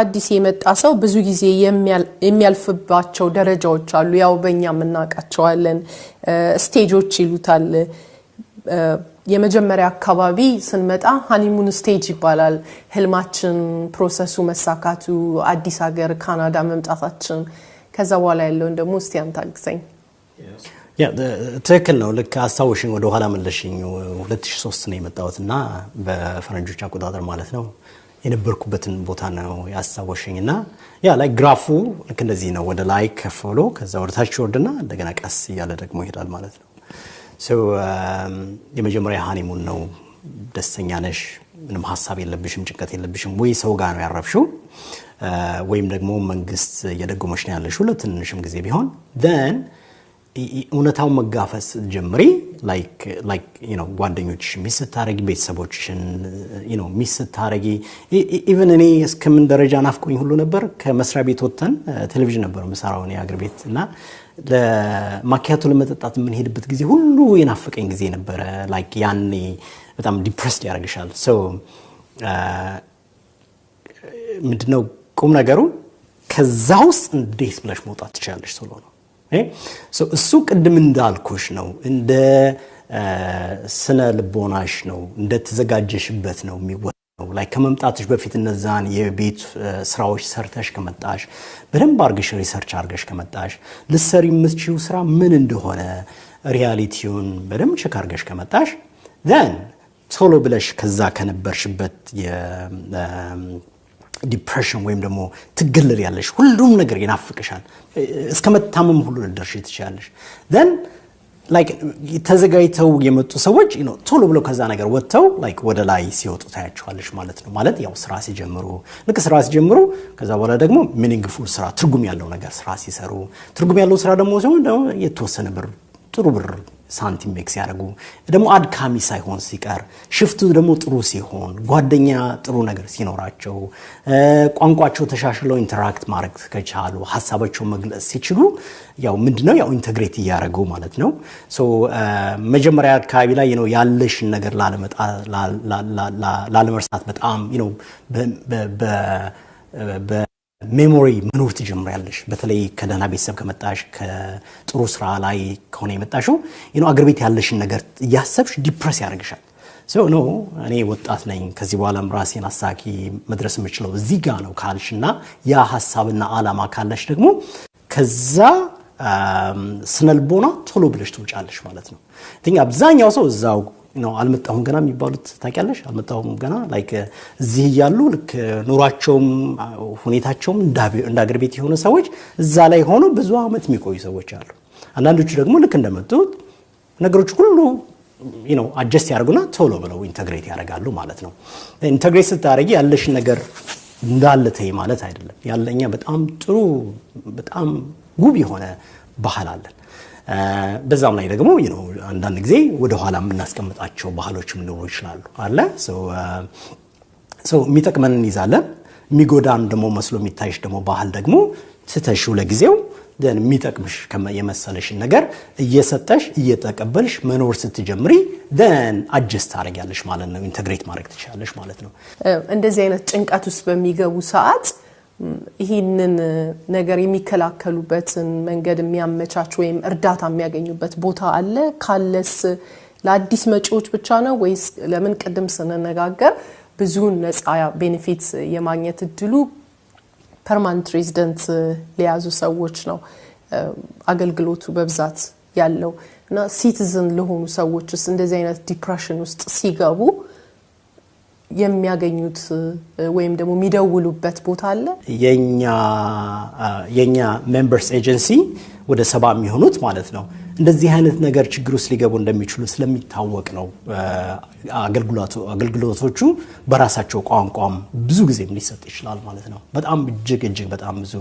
አዲስ የመጣ ሰው ብዙ ጊዜ የሚያልፍባቸው ደረጃዎች አሉ። ያው በእኛ እናውቃቸዋለን። ስቴጆች ይሉታል። የመጀመሪያ አካባቢ ስንመጣ ሀኒሙን ስቴጅ ይባላል። ህልማችን፣ ፕሮሰሱ መሳካቱ፣ አዲስ ሀገር ካናዳ መምጣታችን፣ ከዛ በኋላ ያለውን ደግሞ እስቲ አንተ አግዘኝ። ትክክል ነው። ልክ አስታወሽኝ፣ ወደኋላ መለሽኝ። 2003 ነው የመጣሁት እና በፈረንጆች አቆጣጠር ማለት ነው የነበርኩበትን ቦታ ነው ያስታወሸኝ እና ያ ላይ ግራፉ ልክ እንደዚህ ነው። ወደ ላይ ከፍ ብሎ ከዛ ወደ ታች ወርድና እንደገና ቀስ እያለ ደግሞ ይሄዳል ማለት ነው። የመጀመሪያ ሀኒሙን ነው። ደስተኛ ነሽ፣ ምንም ሀሳብ የለብሽም፣ ጭንቀት የለብሽም። ወይ ሰው ጋር ነው ያረፍሽው ወይም ደግሞ መንግስት እየደጎመች ነው ያለሽ ለትንሽም ጊዜ ቢሆን ን እውነታውን መጋፈስ ጀምሪ ጓደኞች ሚስ ስታረጊ ቤተሰቦችሽን ሚስ ኢቨን እኔ እስከምን ደረጃ ናፍቆኝ ሁሉ ነበር። ከመስሪያ ቤት ወጥተን ቴሌቪዥን ነበር የምሰራውን የአገር ቤት እና ለማኪያቱ ለመጠጣት የምንሄድበት ጊዜ ሁሉ የናፈቀኝ ጊዜ ነበረ። ያኔ በጣም ዲፕሬስድ ያደርግሻል። ምንድነው ቁም ነገሩ ከዛ ውስጥ እንዴት ብለሽ መውጣት ትችላለች ቶሎ ነው እሱ ቅድም እንዳልኩሽ ነው። እንደ ስነ ልቦናሽ ነው፣ እንደተዘጋጀሽበት ነው የሚወ ላይ ከመምጣትሽ በፊት እነዛን የቤት ስራዎች ሰርተሽ ከመጣሽ በደንብ አርገሽ ሪሰርች አርገሽ ከመጣሽ ልሰሪ የምትችው ስራ ምን እንደሆነ ሪያሊቲውን በደንብ ቸክ አርገሽ ከመጣሽ ን ቶሎ ብለሽ ከዛ ከነበርሽበት ዲፕሬሽን ወይም ደግሞ ትገለል ያለሽ ሁሉም ነገር ይናፍቅሻል። እስከ መታመም ሁሉ ልደርሽ ትችላለሽ። ን ተዘጋጅተው የመጡ ሰዎች ቶሎ ብለው ከዛ ነገር ወጥተው ወደ ላይ ሲወጡ ታያቸዋለች ማለት ነው። ማለት ያው ስራ ሲጀምሩ ልክ ስራ ሲጀምሩ ከዛ በኋላ ደግሞ ሚኒንግፉል ስራ፣ ትርጉም ያለው ነገር ስራ ሲሰሩ፣ ትርጉም ያለው ስራ ደግሞ ሲሆን የተወሰነ ብር ጥሩ ብር ሳንቲም ሜክ ሲያደርጉ ደግሞ አድካሚ ሳይሆን ሲቀር ሽፍቱ ደግሞ ጥሩ ሲሆን ጓደኛ ጥሩ ነገር ሲኖራቸው ቋንቋቸው ተሻሽለው ኢንተራክት ማድረግ ከቻሉ ሀሳባቸውን መግለጽ ሲችሉ ያው ምንድነው ያው ኢንተግሬት እያደረጉ ማለት ነው። መጀመሪያ አካባቢ ላይ ነው ያለሽን ነገር ላለመርሳት በጣም ሜሞሪ መኖር ትጀምሪያለሽ። በተለይ ከደህና ቤተሰብ ከመጣሽ ከጥሩ ስራ ላይ ከሆነ የመጣሽው አገር ቤት ያለሽን ነገር እያሰብሽ ዲፕረስ ያደርግሻል። ሰው ነው እኔ ወጣት ነኝ፣ ከዚህ በኋላም ራሴን አሳኪ መድረስ የምችለው እዚህ ጋ ነው ካልሽ እና ያ ሀሳብና አላማ ካለሽ ደግሞ ከዛ ስነልቦና ቶሎ ብለሽ ትውጫለሽ ማለት ነው። አብዛኛው ሰው እዛው ነው አልመጣሁም ገና የሚባሉት ታውቂያለሽ። አልመጣሁም ገና ላይክ እዚህ እያሉ ልክ ኑሯቸውም ሁኔታቸውም እንደ አገር ቤት የሆነ ሰዎች እዛ ላይ ሆኖ ብዙ ዓመት የሚቆዩ ሰዎች አሉ። አንዳንዶቹ ደግሞ ልክ እንደመጡት ነገሮች ሁሉ ነው አጀስት ያደርጉና ቶሎ ብለው ኢንተግሬት ያደርጋሉ ማለት ነው። ኢንተግሬት ስታደርጊ ያለሽ ነገር እንዳለ ተይ ማለት አይደለም። ያለኛ በጣም ጥሩ በጣም ውብ የሆነ ባህል አለን። በዛም ላይ ደግሞ አንዳንድ ጊዜ ወደኋላ የምናስቀምጣቸው ባህሎች ሊኖሩ ይችላሉ አለ የሚጠቅመን እንይዛለን፣ የሚጎዳን ደግሞ መስሎ የሚታይሽ ደግሞ ባህል ደግሞ ትተሽው ለጊዜው የሚጠቅምሽ የመሰለሽን ነገር እየሰጠሽ እየተቀበልሽ መኖር ስትጀምሪ ደን አጀስት ታደርጊያለሽ ማለት ነው። ኢንተግሬት ማድረግ ትችላለሽ ማለት ነው። እንደዚህ አይነት ጭንቀት ውስጥ በሚገቡ ሰዓት ይህንን ነገር የሚከላከሉበትን መንገድ የሚያመቻች ወይም እርዳታ የሚያገኙበት ቦታ አለ? ካለስ ለአዲስ መጪዎች ብቻ ነው ወይስ? ለምን ቅድም ስንነጋገር ብዙውን ነጻ ቤኔፊት የማግኘት እድሉ ፐርማነንት ሬዚደንት ለያዙ ሰዎች ነው አገልግሎቱ በብዛት ያለው እና ሲቲዝን ለሆኑ ሰዎችስ እንደዚህ አይነት ዲፕሬሽን ውስጥ ሲገቡ የሚያገኙት ወይም ደግሞ የሚደውሉበት ቦታ አለ። የእኛ ሜምበርስ ኤጀንሲ ወደ ሰባ የሚሆኑት ማለት ነው እንደዚህ አይነት ነገር ችግር ውስጥ ሊገቡ እንደሚችሉ ስለሚታወቅ ነው አገልግሎቶቹ በራሳቸው ቋንቋም ብዙ ጊዜም ሊሰጥ ይችላል ማለት ነው። በጣም እጅግ እጅግ በጣም ብዙ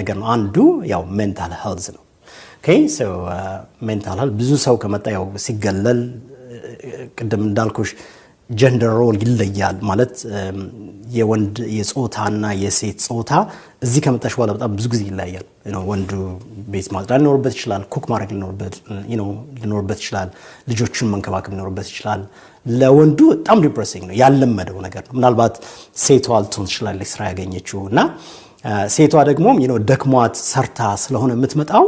ነገር ነው። አንዱ ያው ሜንታል ሄልዝ ነው። ሜንታል ሄልዝ ብዙ ሰው ከመጣ ያው ሲገለል ቅድም እንዳልኩሽ ጀንደር ሮል ይለያል ማለት የወንድ የጾታና የሴት ጾታ እዚህ ከመጣሽ በኋላ በጣም ብዙ ጊዜ ይለያል። ወንዱ ቤት ማጽዳት ሊኖርበት ይችላል። ኩክ ማድረግ ሊኖርበት ይችላል። ልጆችን መንከባከብ ሊኖርበት ይችላል። ለወንዱ በጣም ዲፕሬሲንግ ነው፣ ያለመደው ነገር ነው። ምናልባት ሴቷ ልትሆን ትችላለች ስራ ያገኘችው እና ሴቷ ደግሞ ደክሟት ሰርታ ስለሆነ የምትመጣው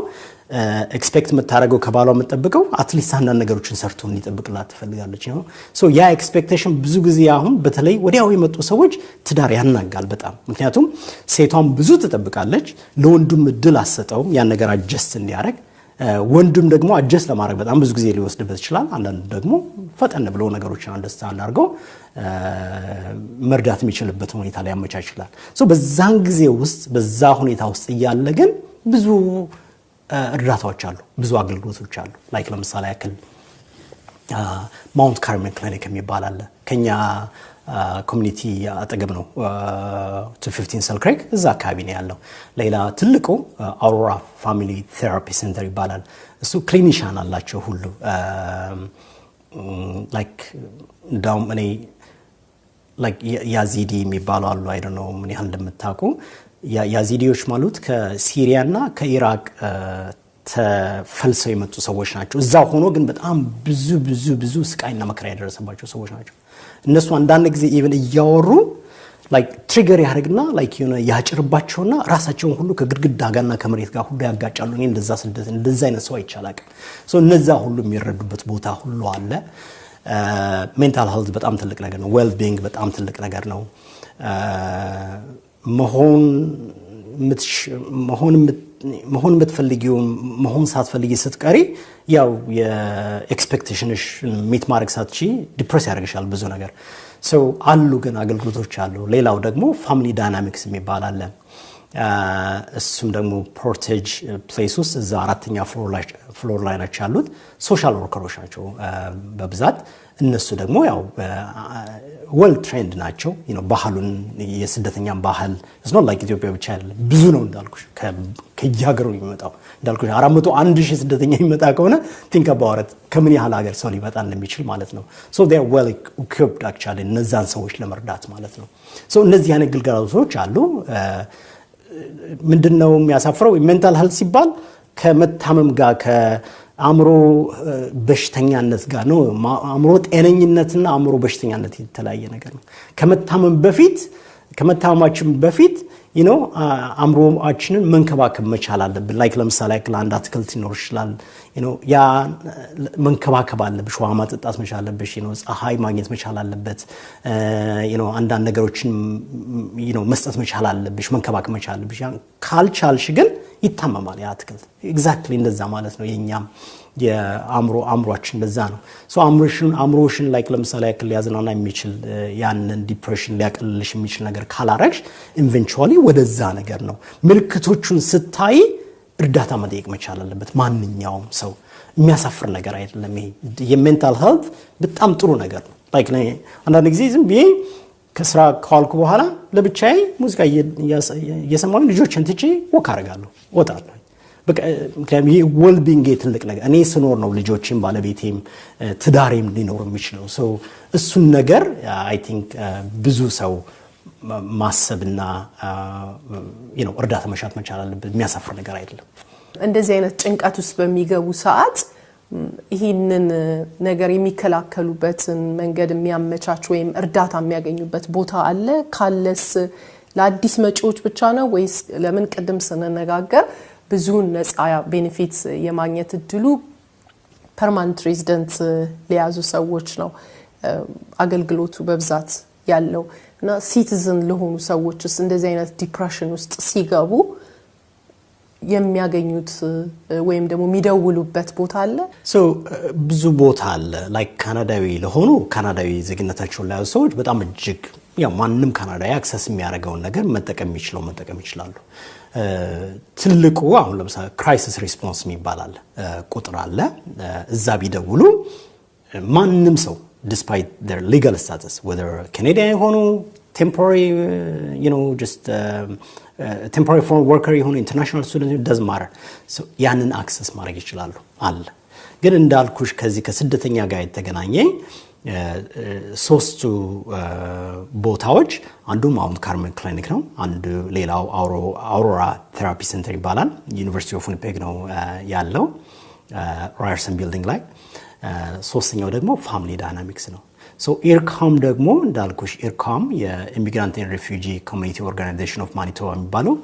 ኤክስፔክት የምታደርገው ከባሏ የምጠብቀው አትሊስት አንዳንድ ነገሮችን ሰርቶ እንዲጠብቅላት ትፈልጋለች። ያ ኤክስፔክቴሽን ብዙ ጊዜ አሁን በተለይ ወዲያው የመጡ ሰዎች ትዳር ያናጋል በጣም ምክንያቱም ሴቷን ብዙ ትጠብቃለች፣ ለወንዱም እድል አሰጠው ያን ነገር አጀስት እንዲያደርግ ወንዱም ደግሞ አጀስት ለማድረግ በጣም ብዙ ጊዜ ሊወስድበት ይችላል። አንዳንዱ ደግሞ ፈጠን ብሎ ነገሮችን አንደርስታንድ አድርገው መርዳት የሚችልበት ሁኔታ ላይ በዛን ጊዜ ውስጥ በዛ ሁኔታ ውስጥ እያለ ግን ብዙ እርዳታዎች አሉ፣ ብዙ አገልግሎቶች አሉ። ላይክ ለምሳሌ ያክል ማውንት ካርመን ክሊኒክ የሚባል አለ ከኛ ኮሚኒቲ አጠገብ ነው። ቱ ሰል ክሬክ እዛ አካባቢ ነው ያለው። ሌላ ትልቁ አውሮራ ፋሚሊ ቴራፒ ሴንተር ይባላል። እሱ ክሊኒሻን አላቸው ሁሉ ላይክ እንዳውም እኔ ያዚዲ የሚባሉ አሉ። አይደ ነው ምን ያህል እንደምታውቁ ያዚዲዎች ማለት ከሲሪያና ከኢራቅ ተፈልሰው የመጡ ሰዎች ናቸው። እዛ ሆኖ ግን በጣም ብዙ ብዙ ብዙ ስቃይና መከራ ያደረሰባቸው ሰዎች ናቸው። እነሱ አንዳንድ ጊዜ ኢቨን እያወሩ ትሪገር ያደርግና ሆነ ያጭርባቸውና ራሳቸውን ሁሉ ከግድግዳ ጋርና ከመሬት ጋር ሁሉ ያጋጫሉ። እኔ እንደዛ ስደት እንደዛ አይነት ሰው አይቻላቅም። እነዛ ሁሉ የሚረዱበት ቦታ ሁሉ አለ። ሜንታል ሀልት በጣም ትልቅ ነገር ነው። ዌልቢንግ በጣም ትልቅ ነገር ነው። መሆን የምትፈልጊውን የምትፈልጊውም መሆን ሳትፈልጊ ስትቀሪ ያው የኤክስፔክቴሽንሽ ሚት ማድረግ ሳትቺ ዲፕሬስ ያደርግሻል ብዙ ነገር ሰው አሉ። ግን አገልግሎቶች አሉ። ሌላው ደግሞ ፋሚሊ ዳይናሚክስ የሚባል አለ። እሱም ደግሞ ፖርቴጅ ፕሌስ ውስጥ እዛ አራተኛ ፍሎር ላይ ናቸው ያሉት። ሶሻል ወርከሮች ናቸው በብዛት እነሱ ደግሞ ያው ወልድ ትሬንድ ናቸው። ባህሉን የስደተኛን ባህል እስኖ ላይክ ኢትዮጵያ ብቻ ያለ ብዙ ነው እንዳልኩሽ፣ ከየሀገሩ የሚመጣው እንዳልኩሽ አራት መቶ አንድ ሺህ ስደተኛ የሚመጣ ከሆነ ቲንክ አባውት ከምን ያህል ሀገር ሰው ሊመጣ እንደሚችል ማለት ነው። ሶ ዴይ ዌል ኢኩይፕድ አክቹዋሊ እነዛን ሰዎች ለመርዳት ማለት ነው። ሶ እነዚህ አይነት ግልጋሎቶች አሉ። ምንድን ነው የሚያሳፍረው? ሜንታል ሄልት ሲባል ከመታመም ጋር ከአእምሮ በሽተኛነት ጋር ነው። አእምሮ ጤነኝነትና አእምሮ በሽተኛነት የተለያየ ነገር ነው። ከመታመም በፊት ከመታመማችን በፊት ነው uh, አምሮችንን መንከባከብ መቻል አለብን። ላይክ ለምሳሌ ያክል አንድ አትክልት ይኖር ይችላል። ያ መንከባከብ አለብሽ፣ ውሃ ማጠጣት መቻል አለብሽ፣ ፀሐይ ማግኘት መቻል አለበት። uh, አንዳንድ ነገሮችን መስጠት መቻል አለብሽ፣ መንከባከብ መቻል አለብሽ። ካልቻልሽ ግን ይታመማል። ያ አትክልት ኤግዛክትሊ እንደዛ ማለት ነው። የእኛም የአእምሮ አእምሯችን እንደዛ ነው። አእምሮሽን ላይክ ለምሳሌ ያክል ሊያዝናና የሚችል ያንን ዲፕሬሽን ሊያቀልልሽ የሚችል ነገር ካላረግሽ ኢንቨንቹዋሊ ወደዛ ነገር ነው። ምልክቶቹን ስታይ እርዳታ መጠየቅ መቻል አለበት ማንኛውም ሰው። የሚያሳፍር ነገር አይደለም። ይሄ የሜንታል ሄልት በጣም ጥሩ ነገር ነው። አንዳንድ ጊዜ ዝም ብዬ ከስራ ከዋልኩ በኋላ ለብቻዬ ሙዚቃ እየሰማሁ ልጆችን ትቼ ወክ አደርጋለሁ፣ እወጣለሁ። ምክንያቱም ይህ ወልቢንግ ትልቅ ነገር እኔ ስኖር ነው ልጆችም ባለቤቴም ትዳሬም ሊኖር የሚችለው። እሱን ነገር አይ ቲንክ ብዙ ሰው ማሰብና እርዳታ መሻት መቻል አለበት። የሚያሳፍር ነገር አይደለም። እንደዚህ አይነት ጭንቀት ውስጥ በሚገቡ ሰዓት ይህንን ነገር የሚከላከሉበትን መንገድ የሚያመቻች ወይም እርዳታ የሚያገኙበት ቦታ አለ? ካለስ ለአዲስ መጪዎች ብቻ ነው ወይስ? ለምን ቅድም ስንነጋገር ብዙውን ነፃ ቤኔፊት የማግኘት እድሉ ፐርማነንት ሬዚደንት ለያዙ ሰዎች ነው አገልግሎቱ በብዛት ያለው እና ሲቲዝን ለሆኑ ሰዎችስ እንደዚህ አይነት ዲፕሬሽን ውስጥ ሲገቡ የሚያገኙት ወይም ደግሞ የሚደውሉበት ቦታ አለ? ብዙ ቦታ አለ። ላይክ ካናዳዊ ለሆኑ ካናዳዊ ዜግነታቸውን ለያዙ ሰዎች በጣም እጅግ ያው ማንም ካናዳዊ አክሰስ የሚያደርገውን ነገር መጠቀም የሚችለው መጠቀም ይችላሉ። ትልቁ አሁን ለምሳሌ ክራይሲስ ሪስፖንስ የሚባላል ቁጥር አለ። እዛ ቢደውሉ ማንም ሰው ዲስፓይት ሊጋል ስታተስ ወ ካናዲያ የሆኑ ቴምፖራሪ ዩ ኖ ጀስት ቴምፖራሪ ፎር ወርከር የሆኑ ኢንተርናሽናል ስቱደንት ደዝ ማረር ያንን አክሰስ ማድረግ ይችላሉ። አለ ግን እንዳልኩሽ ከዚህ ከስደተኛ ጋር የተገናኘ uh, uh, ሶስቱ uh, ቦታዎች አንዱ ማውንት ካርመን ክሊኒክ ነው። አንዱ ሌላው አውሮራ ቴራፒ ሴንተር ይባላል። ዩኒቨርሲቲ ኦፍ ዊኒፔግ ነው ያለው ራየርሰን ቢልዲንግ ላይ። ሶስተኛው ደግሞ ፋሚሊ ዳይናሚክስ ነው። ኢርካም ደግሞ እንዳልኩሽ ኢርካም የኢሚግራንት ኤንድ ኮሚኒቲ ኦርጋናይዜሽን ኦፍ ማኒቶባ የሚባለው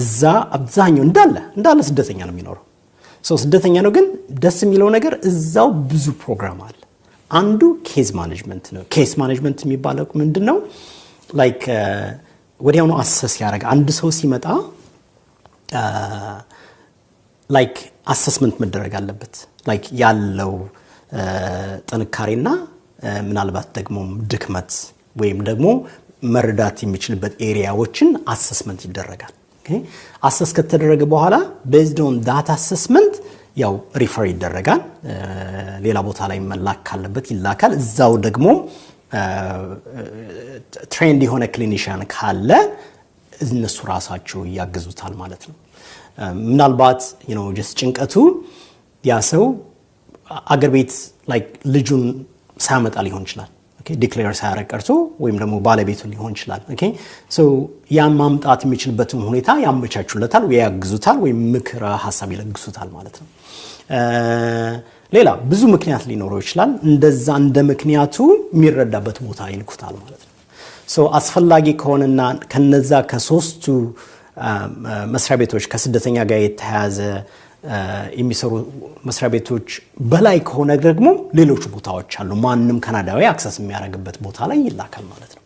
እዛ አብዛኛው እንዳለ እንዳለ ስደተኛ ነው የሚኖረው። ሰው ስደተኛ ነው፣ ግን ደስ የሚለው ነገር እዛው ብዙ ፕሮግራም አለ። አንዱ ኬዝ ማኔጅመንት ነው። ኬዝ ማኔጅመንት የሚባለው ምንድን ነው? ላይክ ወዲያውኑ አሰስ ያደረገ አንድ ሰው ሲመጣ ላይክ uh, አሰስመንት መደረግ አለበት ላይክ ያለው uh, ጥንካሬና ምናልባት ደግሞ ድክመት ወይም ደግሞ መረዳት የሚችልበት ኤሪያዎችን አሰስመንት ይደረጋል። አሰስ ከተደረገ በኋላ ቤዝድ ዳታ አሰስመንት ያው ሪፈር ይደረጋል። ሌላ ቦታ ላይ መላክ ካለበት ይላካል። እዛው ደግሞ ትሬንድ የሆነ ክሊኒሽያን ካለ እነሱ ራሳቸው ያግዙታል ማለት ነው። ምናልባት ጭንቀቱ ያ ሰው አገር ቤት ልጁን ሳያመጣ ሊሆን ይችላል ዲክሌር ሳያረግ ቀርቶ ወይም ደግሞ ባለቤቱ ሊሆን ይችላል። ያን ማምጣት የሚችልበትን ሁኔታ ያመቻቹለታል፣ ያግዙታል፣ ወይም ምክረ ሀሳብ ይለግሱታል ማለት ነው። ሌላ ብዙ ምክንያት ሊኖረው ይችላል። እንደዛ እንደ ምክንያቱ የሚረዳበት ቦታ ይልኩታል ማለት ነው። አስፈላጊ ከሆነና ከነዛ ከሶስቱ መስሪያ ቤቶች ከስደተኛ ጋር የተያያዘ የሚሰሩ መስሪያ ቤቶች በላይ ከሆነ ደግሞ ሌሎች ቦታዎች አሉ። ማንም ካናዳዊ አክሰስ የሚያደርግበት ቦታ ላይ ይላካል ማለት ነው።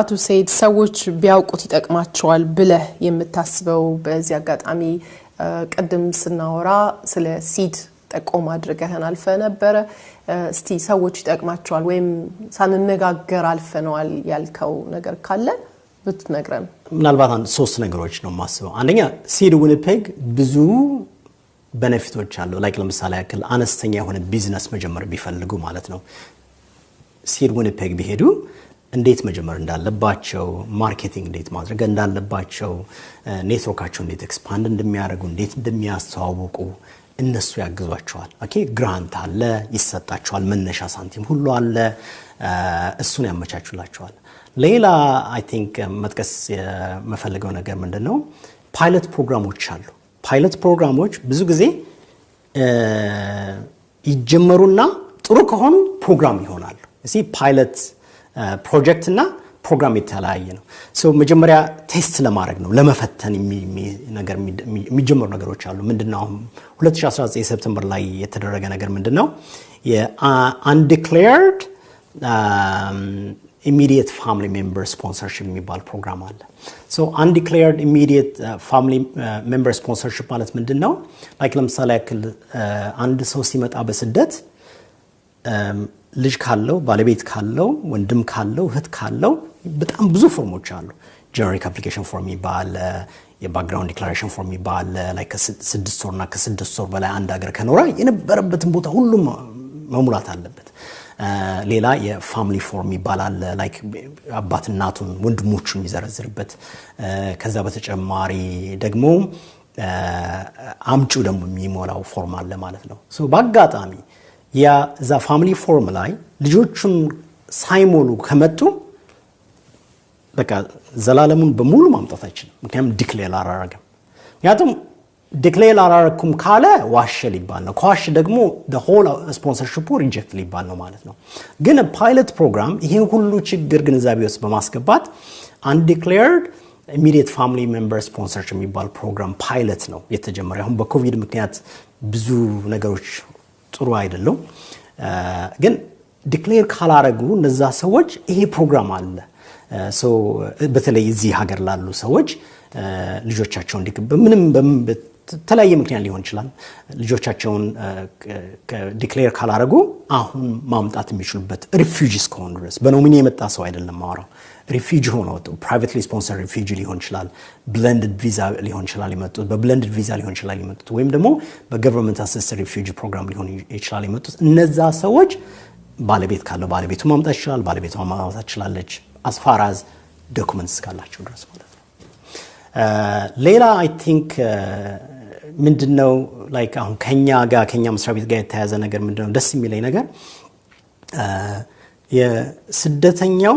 አቶ ሰይድ ሰዎች ቢያውቁት ይጠቅማቸዋል ብለህ የምታስበው በዚህ አጋጣሚ ቅድም ስናወራ ስለ ሲድ ጠቆም አድርገህን አልፈ ነበረ። እስቲ ሰዎች ይጠቅማቸዋል ወይም ሳንነጋገር አልፈነዋል ያልከው ነገር ካለ ብትነግረን። ምናልባት ሶስት ነገሮች ነው የማስበው። አንደኛ ሲድ ዊኒፔግ ብዙ በነፊቶች አለው ላይክ ለምሳሌ ያክል አነስተኛ የሆነ ቢዝነስ መጀመር ቢፈልጉ ማለት ነው ሲድ ዊንፔግ ቢሄዱ እንዴት መጀመር እንዳለባቸው ማርኬቲንግ እንዴት ማድረግ እንዳለባቸው ኔትወርካቸው እንዴት ኤክስፓንድ እንደሚያደርጉ እንዴት እንደሚያስተዋውቁ እነሱ ያግዟቸዋል። ኦኬ ግራንት አለ ይሰጣቸዋል። መነሻ ሳንቲም ሁሉ አለ፣ እሱን ያመቻቹላቸዋል። ሌላ አይ ቲንክ መጥቀስ የመፈልገው ነገር ምንድን ነው ፓይለት ፕሮግራሞች አሉ። ፓይለት ፕሮግራሞች ብዙ ጊዜ ይጀመሩና ጥሩ ከሆኑ ፕሮግራም ይሆናሉ። እዚህ ፓይለት ፕሮጀክት እና ፕሮግራም የተለያየ ነው። ሰው መጀመሪያ ቴስት ለማድረግ ነው ለመፈተን የሚጀምሩ የሚጀመሩ ነገሮች አሉ። ምንድነው አሁን 2019 ሰፕተምበር ላይ የተደረገ ነገር ምንድነው የአንዲክሌርድ ኢሚዲየት ፋሚሊ ሜምበር ስፖንሰርሽፕ የሚባል ፕሮግራም አለ። ሶ አንዲክሌርድ ኢሚዲየት ፋሚሊ ሜምበር ስፖንሰርሽፕ ማለት ምንድን ነው? ላይክ ለምሳሌ ያክል uh, አንድ ሰው ሲመጣ በስደት um, ልጅ ካለው፣ ባለቤት ካለው፣ ወንድም ካለው፣ እህት ካለው በጣም ብዙ ፎርሞች አሉ። ጀነሪክ አፕሊኬሽን ፎርም ይባል የባክግራውንድ ዲክላሬሽን ፎርም ይባል ላይ uh, ከስድስት ወርና ከስድስት ወር በላይ አንድ ሀገር ከኖረ የነበረበትን ቦታ ሁሉም መሙላት አለበት። ሌላ የፋሚሊ ፎርም ይባላል ላይክ አባት እናቱን ወንድሞቹ የሚዘረዝርበት ከዛ በተጨማሪ ደግሞ አምጩ ደግሞ የሚሞላው ፎርም አለ ማለት ነው። በአጋጣሚ ያ እዛ ፋሚሊ ፎርም ላይ ልጆቹን ሳይሞሉ ከመጡ በቃ ዘላለሙን በሙሉ ማምጣት አይችልም። ምክንያቱም ዲክሌር አላረገም። ምክንያቱም ዲክሌር አላረኩም ካለ ዋሸ ሊባል ነው። ከዋሸ ደግሞ ሆል ስፖንሰርሽፑ ሪጀክት ሊባል ነው ማለት ነው። ግን ፓይለት ፕሮግራም ይህን ሁሉ ችግር ግንዛቤ ውስጥ በማስገባት አንዲክሌርድ ኢሚዲየት ፋሚሊ ሜምበር ስፖንሰርሽ የሚባል ፕሮግራም ፓይለት ነው የተጀመረ። አሁን በኮቪድ ምክንያት ብዙ ነገሮች ጥሩ አይደለም፣ ግን ዲክሌር ካላረጉ እነዛ ሰዎች ይሄ ፕሮግራም አለ በተለይ እዚህ ሀገር ላሉ ሰዎች ልጆቻቸው እንዲህ ምንም ተለያየ ምክንያት ሊሆን ይችላል። ልጆቻቸውን ዲክሌር ካላረጉ አሁን ማምጣት የሚችሉበት ሪፊጂ እስከሆኑ ድረስ በኖሚኒ የመጣ ሰው አይደለም ማወራው ሪፊጂ ወጡ። ፕራይቬትሊ ስፖንሰር ሪፊጂ ሊሆን ይችላል፣ ብለንድድ ቪዛ ሊሆን ይችላል የመጡት በብለንድድ ቪዛ ሊሆን ይችላል የመጡት ወይም ደግሞ በገቨርንመንት አሲስት ሪፊጂ ፕሮግራም ሊሆን ይችላል የመጡት እነዛ ሰዎች ባለቤት ካለው ባለቤቱ ማምጣት ይችላል፣ ባለቤቷ ማምጣት ትችላለች። አስፋራዝ ዶኩመንትስ ካላቸው ድረስ ማለት ነው። ሌላ አይ ቲንክ ምንድን ነው ላይክ አሁን ከኛ ጋር ከኛ መስሪያ ቤት ጋር የተያዘ ነገር ምንድን ነው ደስ የሚለኝ ነገር የስደተኛው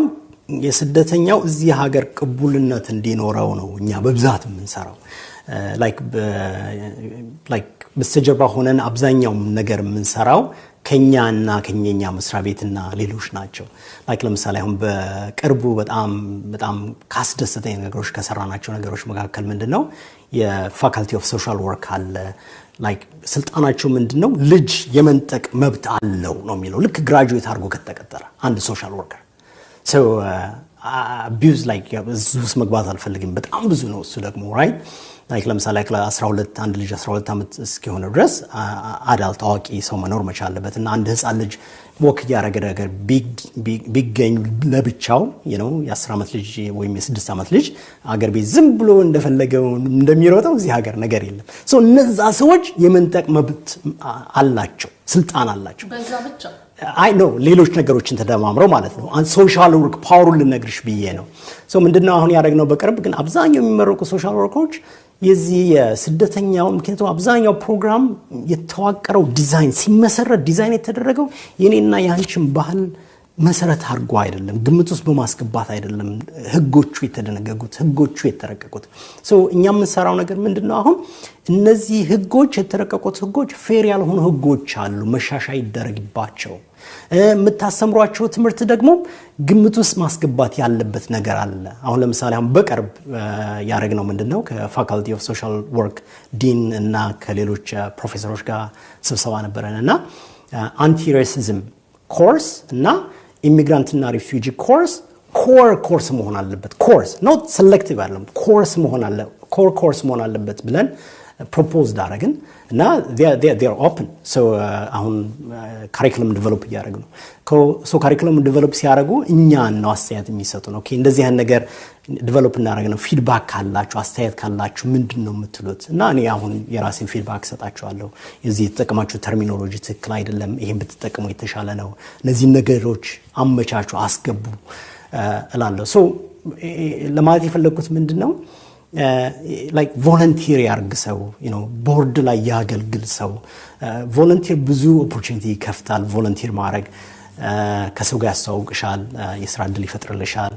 የስደተኛው እዚህ ሀገር ቅቡልነት እንዲኖረው ነው እኛ በብዛት የምንሰራው። ላይክ በስተጀርባ ሆነን አብዛኛው ነገር የምንሰራው ከኛና ከኛኛ መስሪያ ቤትና ሌሎች ናቸው። ላይክ ለምሳሌ አሁን በቅርቡ በጣም በጣም ካስደሰተኝ ነገሮች ከሰራናቸው ነገሮች መካከል ምንድን ነው የፋካልቲ ኦፍ ሶሻል ወርክ አለ። ላይክ ስልጣናቸው ምንድን ነው ልጅ የመንጠቅ መብት አለው ነው የሚለው ልክ ግራጁዌት አድርጎ ከተቀጠረ አንድ ሶሻል ወርከር አቢዩዝ ላይ uh, uh, ውስጥ መግባት አልፈልግም። በጣም ብዙ ነው እሱ ደግሞ ራይት ላይክ ለምሳሌ 12 አንድ ልጅ 12 ዓመት እስኪሆነ ድረስ አዳል ታዋቂ ሰው መኖር መቻል አለበት እና አንድ ህፃን ልጅ ወክ እያደረገ ነገር ቢገኝ ለብቻው ነው የ10 ዓመት ልጅ ወይም የ6 ዓመት ልጅ አገር ቤት ዝም ብሎ እንደፈለገው እንደሚሮጠው እዚህ ሀገር ነገር የለም። እነዛ ሰዎች የመንጠቅ መብት አላቸው፣ ስልጣን አላቸው። አይ ነው ሌሎች ነገሮችን ተደማምረው ማለት ነው። ሶሻል ወርክ ፓወሩን ልነግርሽ ብዬ ነው። ምንድነው አሁን ያደረግነው በቅርብ ግን አብዛኛው የሚመረቁ ሶሻል ወርኮች የዚህ የስደተኛው ምክንያቱም አብዛኛው ፕሮግራም የተዋቀረው ዲዛይን ሲመሰረት ዲዛይን የተደረገው የኔና የአንችን ባህል መሰረት አድርጎ አይደለም፣ ግምት ውስጥ በማስገባት አይደለም። ህጎቹ የተደነገጉት ህጎቹ የተረቀቁት እኛ የምንሰራው ነገር ምንድን ነው? አሁን እነዚህ ህጎች የተረቀቁት ህጎች ፌር ያልሆኑ ህጎች አሉ፣ መሻሻ ይደረግባቸው የምታስተምሯቸው ትምህርት ደግሞ ግምት ውስጥ ማስገባት ያለበት ነገር አለ። አሁን ለምሳሌ አሁን በቅርብ ያደረግነው ምንድን ነው ከፋካልቲ ኦፍ ሶሻል ወርክ ዲን እና ከሌሎች ፕሮፌሰሮች ጋር ስብሰባ ነበረን እና አንቲሬሲዝም ኮርስ እና ኢሚግራንትና ሪፊጂ ኮርስ ኮር ኮርስ መሆን አለበት። ኮርስ ኖት ሴሌክቲቭ አለም ኮርስ መሆን አለ ኮር ኮርስ መሆን አለበት ብለን ፕሮፖዝ ዳረግን እና ር ኦፕን uh, አሁን ካሪክለም ዲቨሎፕ እያደረግ ነው። ካሪክለም ዲቨሎፕ ሲያደረጉ እኛ ነው አስተያየት የሚሰጡ ነው። እንደዚህ ያን ነገር ዲቨሎፕ እናደረግ ነው። ፊድባክ ካላችሁ አስተያየት ካላችሁ ምንድን ነው የምትሉት? እና እኔ አሁን የራሴን ፊድባክ ሰጣችኋለሁ። የዚህ የተጠቀማችሁ ተርሚኖሎጂ ትክክል አይደለም፣ ይሄን ብትጠቀሙ የተሻለ ነው፣ እነዚህን ነገሮች አመቻቹ፣ አስገቡ uh, እላለሁ። ለማለት የፈለግኩት ምንድን ነው ላይክ ቮለንቲር ያርግ ሰው ቦርድ ላይ ያገልግል ሰው። ቮለንቲር ብዙ ኦፖርቹኒቲ ይከፍታል። ቮለንቲር ማድረግ ከሰው ጋር ያስተዋውቅሻል፣ የስራ እድል ይፈጥርልሻል፣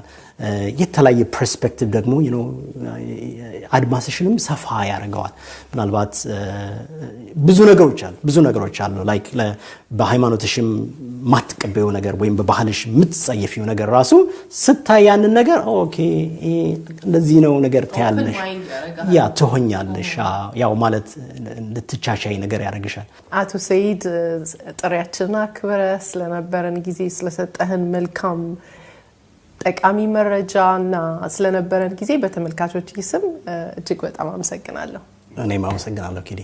የተለያየ ፐርስፔክቲቭ ደግሞ አድማስሽንም ሰፋ ያደርገዋል። ምናልባት ብዙ ነገሮች አሉ ብዙ ነገሮች አሉ ላይክ በሃይማኖትሽም ማትቀበየው ነገር ወይም በባህልሽ የምትጸየፊው ነገር ራሱ ስታይ ያንን ነገር ኦኬ እንደዚህ ነው ነገር ትያለሽ፣ ያ ትሆኛለሽ። ያው ማለት ልትቻቻይ ነገር ያደርግሻል። አቶ ሰይድ ጥሪያችንን አክብረ ስለነበረን ጊዜ ስለሰጠህን መልካም ጠቃሚ መረጃና ስለነበረን ጊዜ በተመልካቾች ስም እጅግ በጣም አመሰግናለሁ። እኔም አመሰግናለሁ ኪዲ።